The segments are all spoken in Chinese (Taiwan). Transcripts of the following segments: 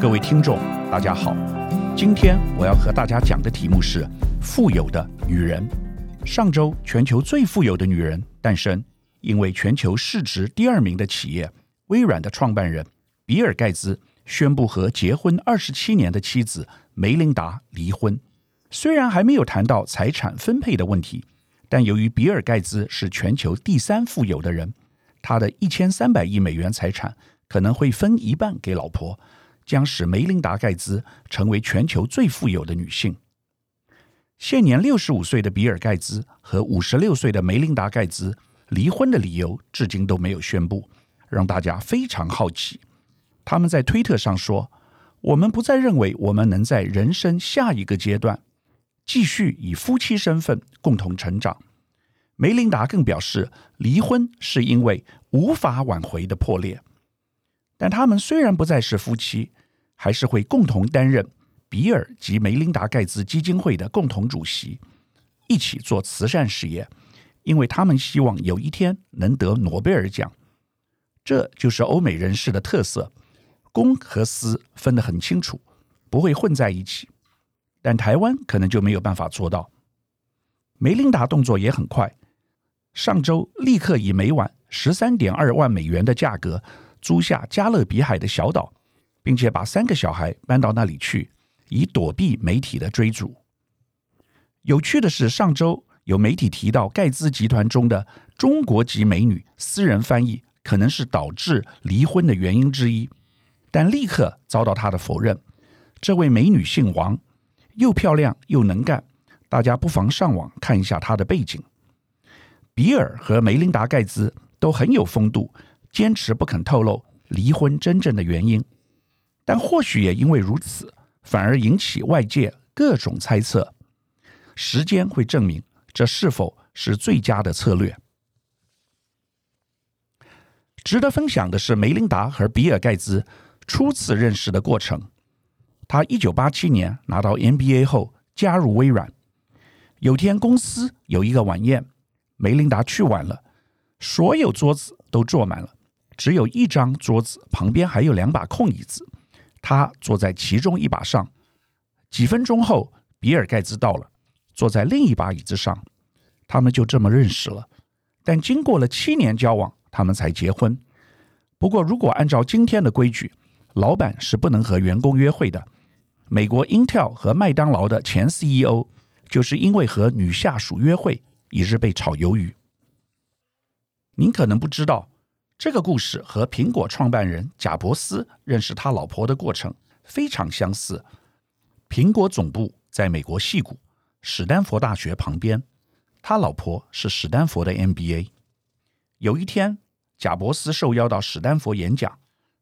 各位聽眾，大家好。今天我要和大家講的題目是“富有的女人”。上周，全球最富有的女人誕生，因為全球市值第二名的企業微軟的創辦人比爾·蓋茨宣布和結婚二十七年的妻子梅琳達離婚。雖然還沒有談到財產分配的問題，但由於比爾·蓋茨是全球第三富有的人，他的一千三百億美元財產可能會分一半給老婆。將使梅琳達·蓋茨成為全球最富有的女性。現年六十五歲的比爾·蓋茨和五十六歲的梅琳達·蓋茨離婚的理由至今都沒有宣布，讓大家非常好奇。他們在推特上說：“我們不再認為我們能在人生下一個階段繼續以夫妻身份共同成長。”梅琳達更表示，離婚是因為無法挽回的破裂。但他們雖然不再是夫妻，還是會共同擔任比爾及梅琳達·蓋茨基金會的共同主席，一起做慈善事業，因為他們希望有一天能得諾貝爾獎。這就是歐美人士的特色，公和私分得很清楚，不會混在一起。但台灣可能就沒有辦法做到。梅琳達動作也很快，上周立刻以每晚十三點二萬美元的價格租下加勒比海的小島。並且把三個小孩搬到那裡去，以躲避媒體的追逐。有趣的是，上周有媒體提到蓋茨集團中的中國籍美女私人翻譯可能是導致離婚的原因之一，但立刻遭到他的否認。這位美女姓王，又漂亮又能幹，大家不妨上網看一下她的背景。比爾和梅琳達·蓋茨都很有風度，堅持不肯透露離婚真正的原因。但或許也因為如此，反而引起外界各種猜測。時間會證明這是否是最佳的策略。值得分享的是梅琳達和比爾蓋茨初次認識的過程。他1987年拿到 MBA 後加入微軟。有天公司有一個晚宴，梅琳達去晚了，所有桌子都坐滿了，只有一張桌子旁邊還有兩把空椅子。他坐在其中一把上，幾分鐘後，比爾蓋茨到了，坐在另一把椅子上，他們就這麼認識了。但經過了七年交往，他們才結婚。不過，如果按照今天的規矩，老板是不能和員工約會的。美國 Intel 和麥當勞的前 CEO 就是因為和女下屬約會，一日被炒魷魚。您可能不知道。這個故事和蘋果創辦人賈伯斯認識他老婆的過程非常相似。蘋果總部在美國矽谷，史丹佛大學旁邊。他老婆是史丹佛的 MBA。有一天，賈伯斯受邀到史丹佛演講，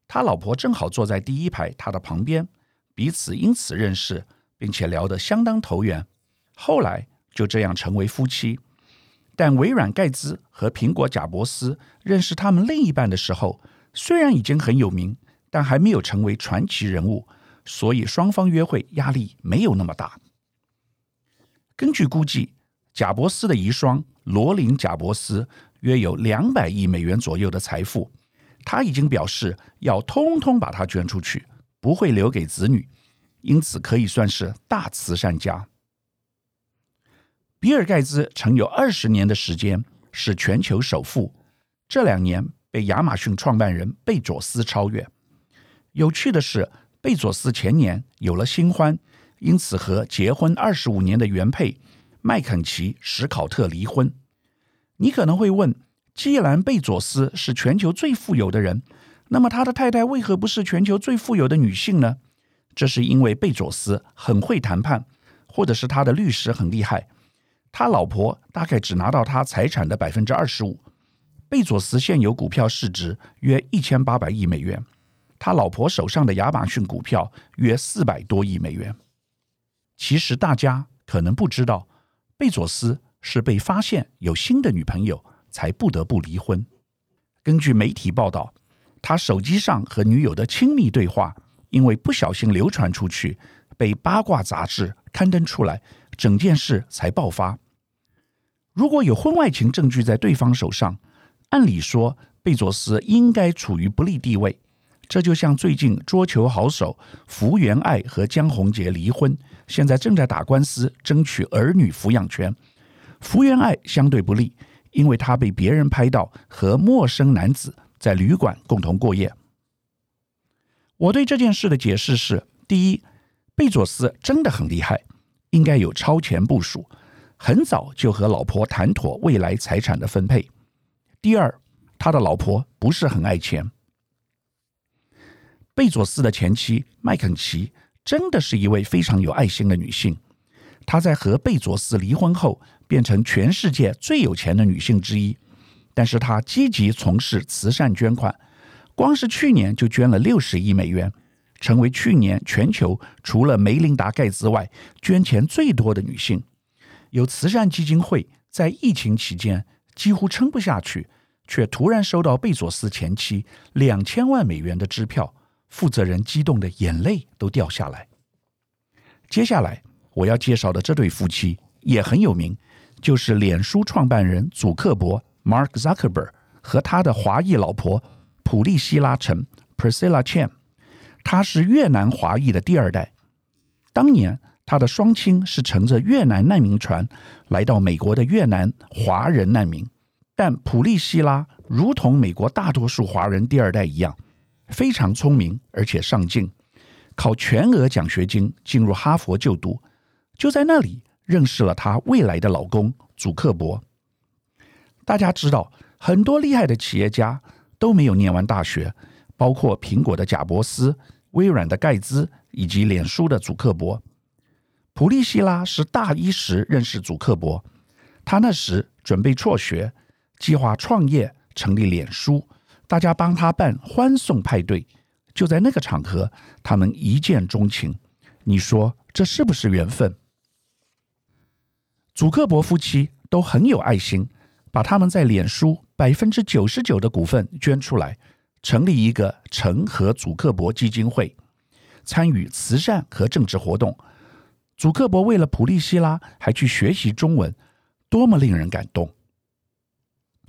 他老婆正好坐在第一排他的旁邊，彼此因此認識，並且聊得相當投緣。後來就這樣成為夫妻。但微軟蓋茨和蘋果賈伯斯認識他們另一半的時候，雖然已經很有名，但還沒有成為傳奇人物，所以雙方約會壓力沒有那麼大。根據估計，賈伯斯的遺孀羅琳賈伯斯約有兩百億美元左右的財富，她已經表示要通通把它捐出去，不會留給子女，因此可以算是大慈善家。比爾·蓋茨曾有二十年的時間是全球首富，這兩年被亞馬遜創辦人貝佐斯超越。有趣的是，貝佐斯前年有了新歡，因此和結婚二十五年的原配麥肯齊·史考特離婚。你可能會問：既然貝佐斯是全球最富有的人，那麼他的太太為何不是全球最富有的女性呢？這是因為貝佐斯很會談判，或者是他的律師很厲害。他老婆大概只拿到他財產的百分之二十五。貝佐斯現有股票市值約一千八百億美元，他老婆手上的亞馬遜股票約四百多億美元。其實大家可能不知道，貝佐斯是被發現有新的女朋友才不得不離婚。根據媒體報道，他手機上和女友的親密對話，因為不小心流傳出去，被八卦雜誌刊登出來，整件事才爆發。如果有婚外情證據在對方手上，按理說貝佐斯應該處於不利地位。這就像最近桌球好手福原愛和江宏傑離婚，現在正在打官司爭取兒女撫養權。福原愛相對不利，因為她被別人拍到和陌生男子在旅館共同過夜。我對這件事的解釋是：第一，貝佐斯真的很厲害，應該有超前部署。很早就和老婆談妥未來財產的分配。第二，他的老婆不是很愛錢。貝佐斯的前妻麥肯齊真的是一位非常有愛心的女性。她在和貝佐斯離婚後，變成全世界最有錢的女性之一。但是她積極從事慈善捐款，光是去年就捐了六十億美元，成為去年全球除了梅琳達·蓋茲外捐錢最多的女性。有慈善基金會在疫情期間幾乎撐不下去，卻突然收到貝佐斯前妻兩千萬美元的支票，負責人激動得眼淚都掉下來。接下來我要介紹的這對夫妻也很有名，就是臉書創辦人祖克伯 （Mark Zuckerberg） 和他的華裔老婆普利希拉·陳 （Priscilla Chan）。她是越南華裔的第二代，當年。他的雙親是乘着越南難民船來到美國的越南華人難民，但普利希拉如同美國大多數華人第二代一樣，非常聰明，而且上進，靠全額獎學金進入哈佛就讀，就在那裡認識了她未來的老公祖克伯。大家知道，很多厲害的企業家都沒有念完大學，包括蘋果的賈伯斯、微軟的蓋茨以及臉書的祖克伯。普利希拉是大一時認識祖克伯，他那時準備輟學，計劃創業，成立臉書，大家幫他辦歡送派對，就在那個場合，他們一見鍾情。你說這是不是緣分？祖克伯夫妻都很有愛心，把他們在臉書百分之九十九的股份捐出來，成立一個陳和祖克伯基金會，參與慈善和政治活動。祖克伯為了普利希拉還去學習中文，多麼令人感動！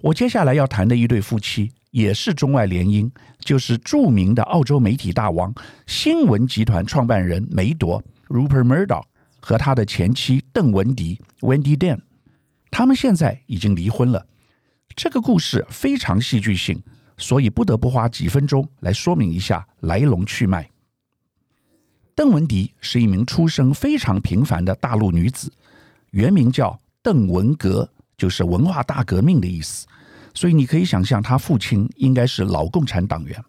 我接下來要談的一對夫妻也是中外聯姻，就是著名的澳洲媒體大王新聞集團創辦人梅鐸 （Rupert Murdoch） 和他的前妻鄧文迪 （Wendy d a n 他們現在已經離婚了。這個故事非常戲劇性，所以不得不花幾分鐘來說明一下來龍去脈。鄧文迪是一名出生非常平凡的大陸女子，原名叫鄧文革，就是文化大革命的意思。所以你可以想象，她父親應該是老共產黨員。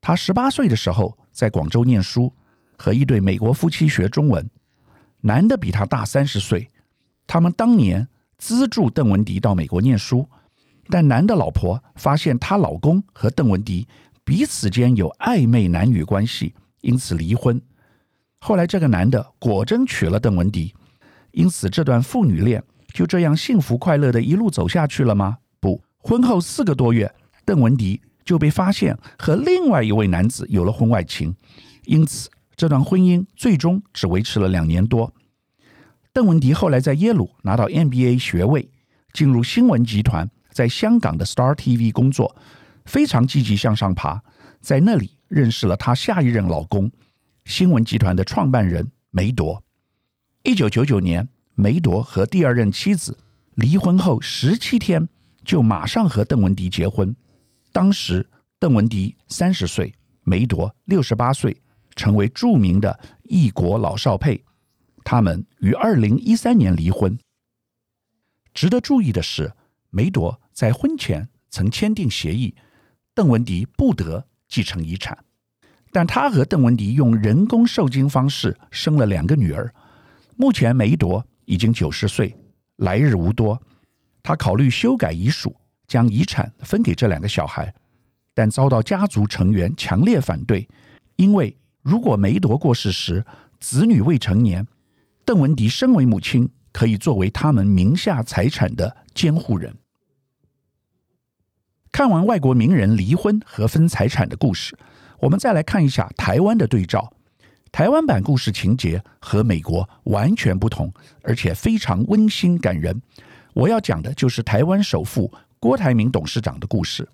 她十八歲的時候在廣州念書，和一對美國夫妻學中文，男的比她大三十歲。他們當年資助鄧文迪到美國念書，但男的老婆發現她老公和鄧文迪彼此間有曖昧男女關係。因此離婚。後來，這個男的果真娶了鄧文迪，因此這段父女戀就這樣幸福快樂的一路走下去了嗎？不，婚後四個多月，鄧文迪就被發現和另外一位男子有了婚外情，因此這段婚姻最終只維持了兩年多。鄧文迪後來在耶魯拿到 MBA 學位，進入新聞集團，在香港的 Star TV 工作，非常積極向上爬，在那裡。認識了她下一任老公，新聞集團的創辦人梅鐸。一九九九年，梅鐸和第二任妻子離婚後十七天，就馬上和鄧文迪結婚。當時鄧文迪三十歲，梅鐸六十八歲，成為著名的異國老少配。他們於二零一三年離婚。值得注意的是，梅鐸在婚前曾簽訂協議，鄧文迪不得繼承遺產。但他和鄧文迪用人工授精方式生了兩個女兒，目前梅鐸已經九十歲，來日無多，他考慮修改遺囑，將遺產分給這兩個小孩，但遭到家族成員強烈反對，因為如果梅鐸過世時子女未成年，鄧文迪身為母親可以作為他們名下財產的監護人。看完外國名人離婚和分財產的故事。我們再來看一下台灣的對照，台灣版故事情節和美國完全不同，而且非常溫馨感人。我要講的就是台灣首富郭台銘董事長的故事。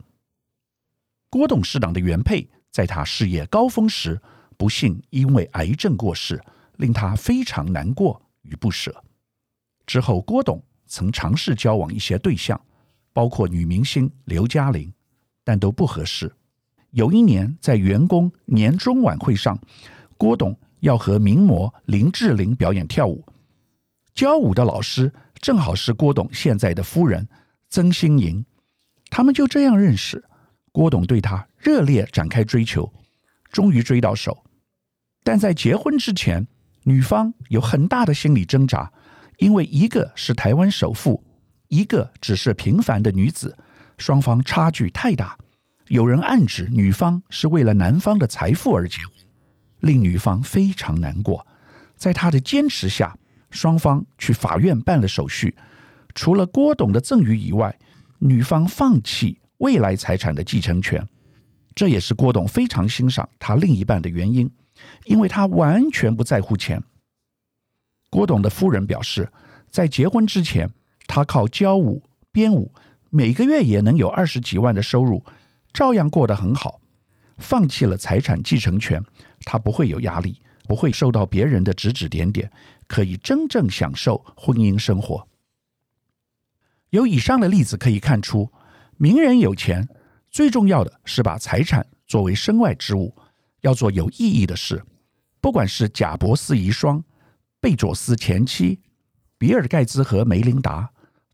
郭董事長的原配在他事業高峰時不幸因為癌症過世，令他非常難過與不捨。之後，郭董曾嘗試交往一些對象，包括女明星劉嘉玲，但都不合適。有一年，在員工年終晚會上，郭董要和名模林志玲表演跳舞。教舞的老師正好是郭董現在的夫人曾馨瑩，他們就這樣認識。郭董對她熱烈展開追求，終於追到手。但在結婚之前，女方有很大的心理掙扎，因為一個是台灣首富，一個只是平凡的女子，雙方差距太大。有人暗指女方是為了男方的財富而結婚，令女方非常難過。在她的堅持下，雙方去法院辦了手續。除了郭董的贈與以外，女方放棄未來財產的繼承權。這也是郭董非常欣賞他另一半的原因，因為她完全不在乎錢。郭董的夫人表示，在結婚之前，她靠教舞、編舞，每個月也能有二十幾萬的收入。照樣過得很好，放棄了財產繼承權，他不會有壓力，不會受到別人的指指點點，可以真正享受婚姻生活。由以上的例子可以看出，名人有錢最重要的是把財產作為身外之物，要做有意義的事。不管是賈伯斯遺孀、貝佐斯前妻、比爾蓋茨和梅琳達、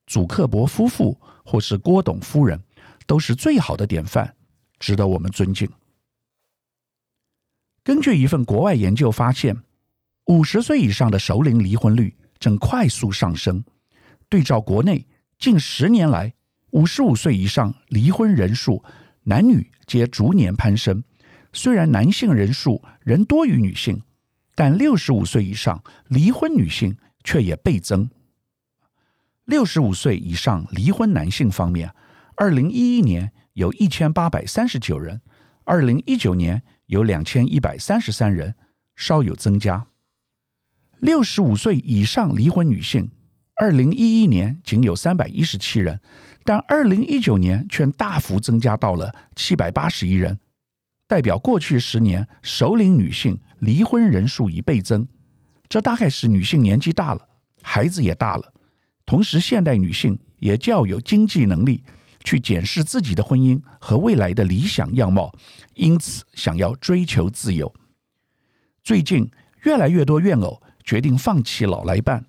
祖克伯夫婦，或是郭董夫人，都是最好的典範，值得我們尊敬。根據一份國外研究發現，五十歲以上的熟齡離婚率正快速上升。對照國內近十年來，五十五歲以上離婚人數，男女皆逐年攀升。雖然男性人數仍多於女性，但六十五歲以上離婚女性卻也倍增。六十五歲以上離婚男性方面，二零一一年有一千八百三十九人，二零一九年有兩千一百三十三人，稍有增加。六十五歲以上離婚女性，二零一一年僅有三百一十七人，但二零一九年卻大幅增加到了七百八十一人，代表過去十年熟齡女性離婚人數一倍增。這大概是女性年紀大了，孩子也大了，同時現代女性也較有經濟能力。去檢視自己的婚姻和未來的理想樣貌，因此想要追求自由。最近越來越多怨偶決定放棄老來伴，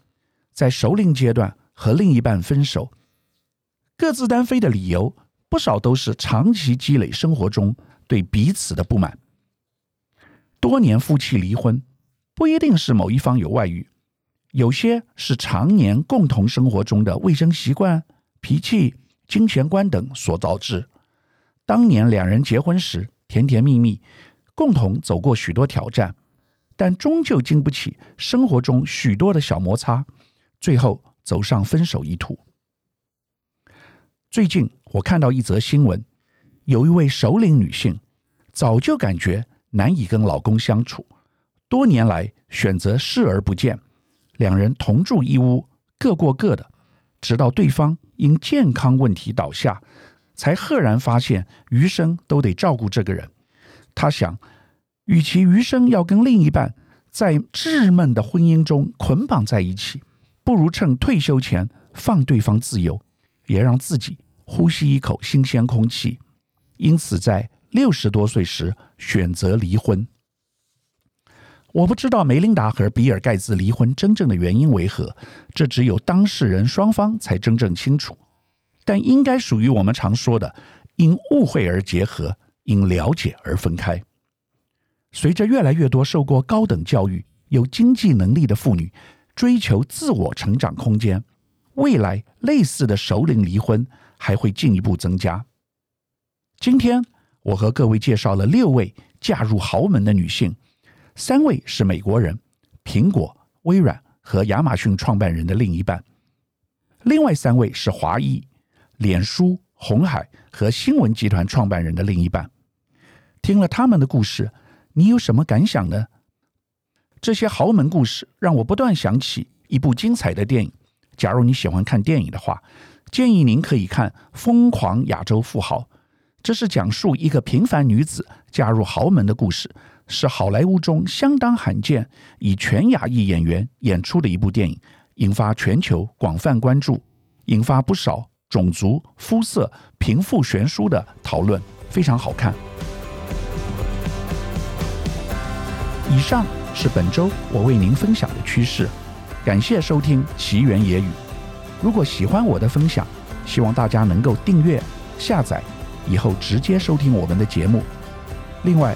在熟齡階段和另一半分手，各自單飛的理由不少都是長期積累生活中對彼此的不滿。多年夫妻離婚不一定是某一方有外遇，有些是常年共同生活中的衛生習慣、脾氣。金錢觀等所導致。當年兩人結婚時甜甜蜜蜜，共同走過許多挑戰，但終究經不起生活中許多的小摩擦，最後走上分手一途。最近我看到一則新聞，有一位熟齡女性，早就感覺難以跟老公相處，多年來選擇視而不見，兩人同住一屋，各過各的，直到對方。因健康問題倒下，才赫然發現餘生都得照顧這個人。他想，與其餘生要跟另一半在窒悶的婚姻中捆綁在一起，不如趁退休前放對方自由，也讓自己呼吸一口新鮮空氣。因此，在六十多歲時選擇離婚。我不知道梅琳達和比爾蓋茨離婚真正的原因為何，這只有當事人雙方才真正清楚。但應該屬於我們常說的“因誤會而結合，因了解而分開”。隨着越來越多受過高等教育、有經濟能力的婦女追求自我成長空間，未來類似的熟齡離婚還會進一步增加。今天，我和各位介紹了六位嫁入豪門的女性。三位是美國人，蘋果、微軟和亞馬遜創辦人的另一半；另外三位是華裔，臉書、鴻海和新聞集團創辦人的另一半。聽了他們的故事，你有什麼感想呢？這些豪門故事讓我不斷想起一部精彩的電影。假如你喜歡看電影的話，建議您可以看《瘋狂亞洲富豪》，這是講述一個平凡女子嫁入豪門的故事。是好萊塢中相當罕見以全亞裔演員演出的一部電影，引發全球廣泛關注，引發不少種族、膚色、貧富懸殊的討論，非常好看。以上是本周我為您分享的趨勢，感謝收聽奇緣野語。如果喜歡我的分享，希望大家能夠訂閱、下載，以後直接收聽我們的節目。另外。